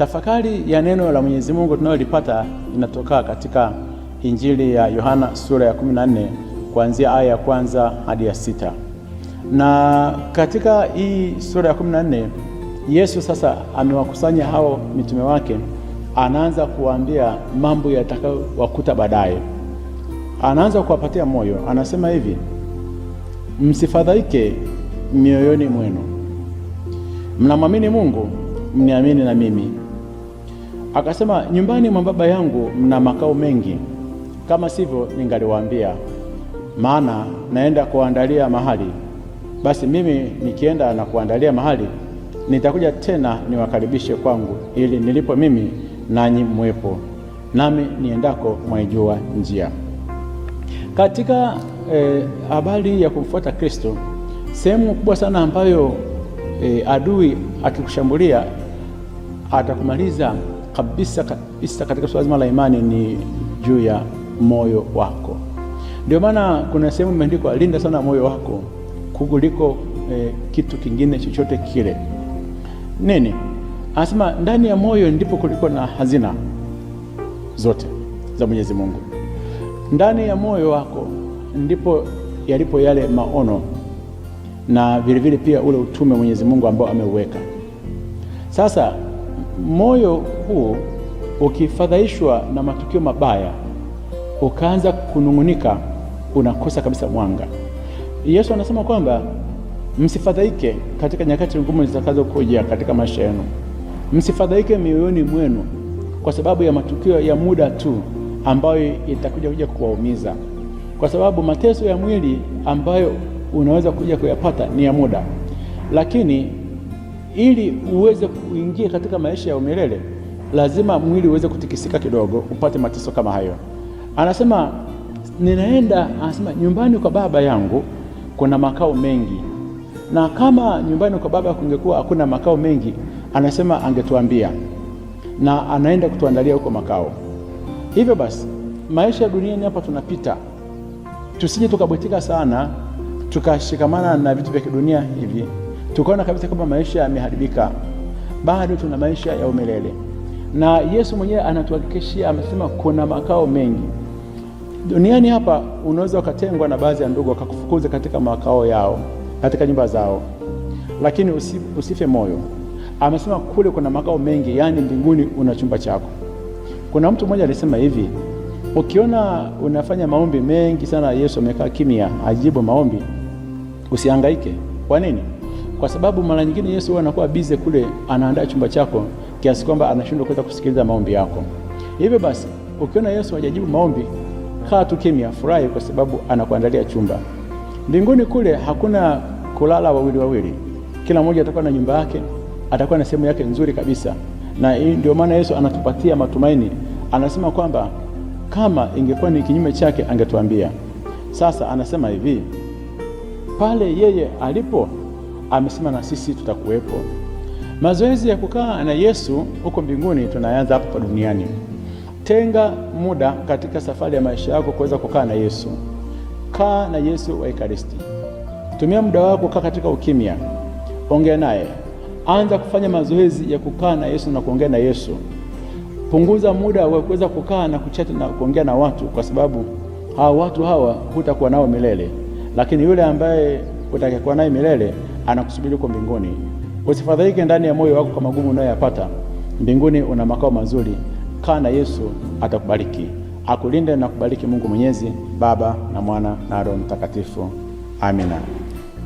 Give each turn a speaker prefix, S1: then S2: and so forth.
S1: Tafakari ya neno la Mwenyezi Mungu tunalolipata inatoka katika Injili ya Yohana sura ya 14 kuanzia aya ya kwanza hadi ya sita. Na katika hii sura ya 14 Yesu sasa amewakusanya hao mitume wake, anaanza kuwaambia mambo yatakayowakuta baadaye. Anaanza kuwapatia moyo, anasema hivi: msifadhaike mioyoni mwenu, mnamwamini Mungu, mniamini na mimi Akasema, nyumbani mwa baba yangu mna makao mengi, kama sivyo ningaliwaambia, maana naenda kuandalia mahali. Basi mimi nikienda na kuandalia mahali, nitakuja tena niwakaribishe kwangu, ili nilipo mimi nanyi mwepo, nami niendako mwaijua njia. Katika eh, ya kumfuata Kristo, sehemu kubwa sana ambayo eh, adui akikushambulia atakumaliza kabisa kabisa katika suala zima la imani ni juu ya moyo wako. Ndio maana kuna sehemu imeandikwa, linda sana moyo wako kuliko eh, kitu kingine chochote kile. Nini anasema? Ndani ya moyo ndipo kuliko na hazina zote za Mwenyezi Mungu. Ndani ya moyo wako ndipo yalipo yale maono na vilevile pia ule utume Mwenyezi Mungu ambao ameuweka sasa moyo huu ukifadhaishwa na matukio mabaya ukaanza kunung'unika, unakosa kabisa mwanga. Yesu anasema kwamba msifadhaike katika nyakati ngumu zitakazokuja katika maisha yenu, msifadhaike mioyoni mwenu kwa sababu ya matukio ya muda tu ambayo itakuja kuja kuwaumiza, kwa sababu mateso ya mwili ambayo unaweza kuja kuyapata ni ya muda, lakini ili uweze kuingia katika maisha ya umilele, lazima mwili uweze kutikisika kidogo, upate mateso kama hayo. Anasema ninaenda, anasema nyumbani kwa baba yangu kuna makao mengi, na kama nyumbani kwa baba kungekuwa hakuna makao mengi, anasema angetuambia, na anaenda kutuandalia huko makao. Hivyo basi maisha ya duniani hapa tunapita, tusije tukabwetika sana tukashikamana na vitu vya kidunia hivi tukaona kabisa kwamba maisha yameharibika, bado tuna maisha ya umelele, na Yesu mwenyewe anatuhakikishia, amesema kuna makao mengi duniani. Hapa unaweza ukatengwa na baadhi ya ndugu wakakufukuza katika makao yao, katika nyumba zao, lakini usi, usife moyo. Amesema kule kuna makao mengi, yaani mbinguni una chumba chako. Kuna mtu mmoja alisema hivi, ukiona unafanya maombi mengi sana, Yesu amekaa kimya, ajibu maombi, usihangaike. Kwa nini? kwa sababu mara nyingine Yesu huwa anakuwa bize kule, anaandaa chumba chako kiasi kwamba anashindwa kuweza kusikiliza maombi yako. Hivyo basi, ukiona Yesu hajajibu maombi, kaa tu kimya, furahi, kwa sababu anakuandalia chumba. Mbinguni kule hakuna kulala wawili wawili, kila mmoja atakuwa na nyumba yake, atakuwa na sehemu yake nzuri kabisa. Na ndio maana Yesu anatupatia matumaini, anasema kwamba kama ingekuwa ni kinyume chake angetuambia. Sasa anasema hivi, pale yeye alipo amesema na sisi tutakuwepo. Mazoezi ya kukaa na Yesu huko mbinguni tunaanza hapa duniani. Tenga muda katika safari ya maisha yako kuweza kukaa na Yesu. Kaa na Yesu wa Ekaristi. Tumia muda wako kukaa katika ukimya, ongea naye, anza kufanya mazoezi ya kukaa na Yesu na kuongea na Yesu. Punguza muda wa kuweza kukaa na kuchati na kuongea na watu, kwa sababu hawa watu hawa hutakuwa nao milele, lakini yule ambaye utakayekuwa naye milele anakusubiri huko mbinguni. Usifadhaike ndani ya moyo wako kwa magumu unayoyapata. Mbinguni una makao mazuri. Kaa na Yesu, atakubariki akulinde na kubariki Mungu Mwenyezi, Baba na Mwana na Roho Mtakatifu. Amina.